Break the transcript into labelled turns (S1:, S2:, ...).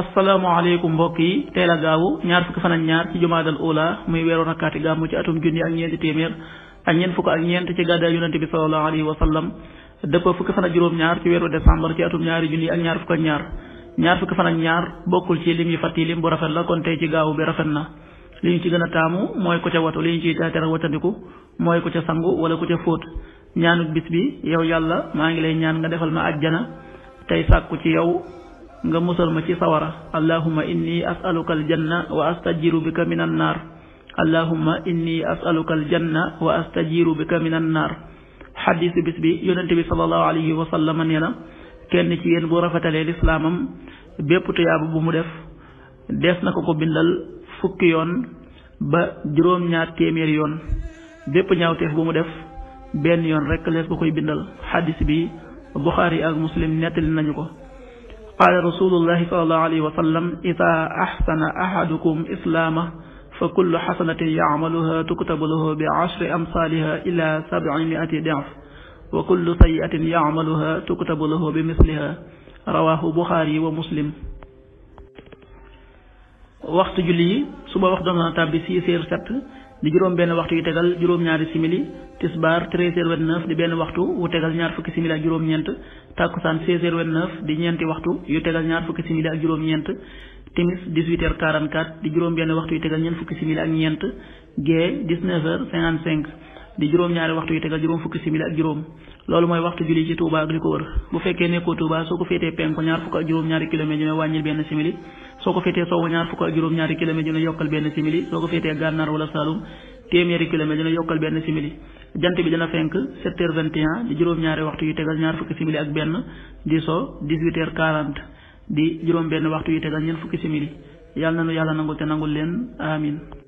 S1: asalaamaaleykum mbokk yi teel a gaawu ñaar fukki fan ak ñaar ci jumaadal ula muy weeroon ak kaati gàmmu ci atum junni ak ñeenti téeméer ak ñeent fukk ak ñeent ci gàddaay yonente bi sallallahu alayhi wa sallam dëppoo fukki fan ñaar ci weeru décembre ci atum ñaari junni ak ñaar fukk ak ñaar ñaar fukki fan ak ñaar bokkul ci lim yi fàtt yi lim bu rafet la kon tey ci gaawu bi rafet na li ñu ci gën a taamu mooy ku ca watu li ñu ciy taatera watandiku mooy ku ca sangu wala ko ca fóot ñaanuk bis bi yow yàlla maa ngi lay ñaan nga defal ma ajjana tey sàkku ci yow nga musal ma ci sawara allahuma inni asaluka aljanna wa astajiru bika min annaar allahuma inni asaluka aljanna wa astajiru bika min annaar xadiisu bis bi yonente bi sallallahu alayhi wa sallam nee na kenn ci yéen rafetalee lislaamam bépp tuyaaba bu mu def des na ko ko bindal fukki yoon ba juróom-ñaar téeméer yoon bépp ñaawteef bu mu def benn yoon rekk lees ko koy bindal xadis bi Buxaari ak Muslim nettali nañu ko qaala rasulullahi sallallahu alayhi wa sallam ida axsana ahadukum islaama fa kullu xasanatin yacmaluha tuktabu lahu bi ashri amsaaliha ila sabci miati def wa kullu sayiatin yacmaluha tuktabu lahu bi misliha rawaahu buxaari wa muslim waxtu julli yi suba waxtu dana tàbbi six heures sept di juróom benn waxtu yu tegal juróom-ñaari simili tisbaar treize heures neuf di benn waxtu wu tegal ñaar fukki simili ak juróom-ñeent tàkkusaan seize heures vingt-neuf di waxtu yu tegal ñaar fukki simili juróom-ñeent timis di juróom benn waxtu yu tegal ñeent fukki simili ak ñeent gée 19h55 di juróom ñaari waxtu yu tegal juróom fukki simili ak juróom loolu mooy waxtu julli ci Touba ak li ko wër bu fekkee nekkoo Touba soo ko féetee ñaar fukk ak juróom ñaari kilomètres soo ko féetee sowwu ñaar fukk ak juróom-ñaari kilomètre dina yokkal benn simili soo ko féetee gànnaar wala Saloum téeméeri kilomètre dina yokkal benn simili jant bi dina fenk 7 heures 21 di juróom-ñaari waxtu yu tegal ñaar fukki simili ak benn di so 18 heures 40 di juróom benn waxtu yu tegal ñeent fukki simili yàlla na nu yàlla nangul te nangul leen amin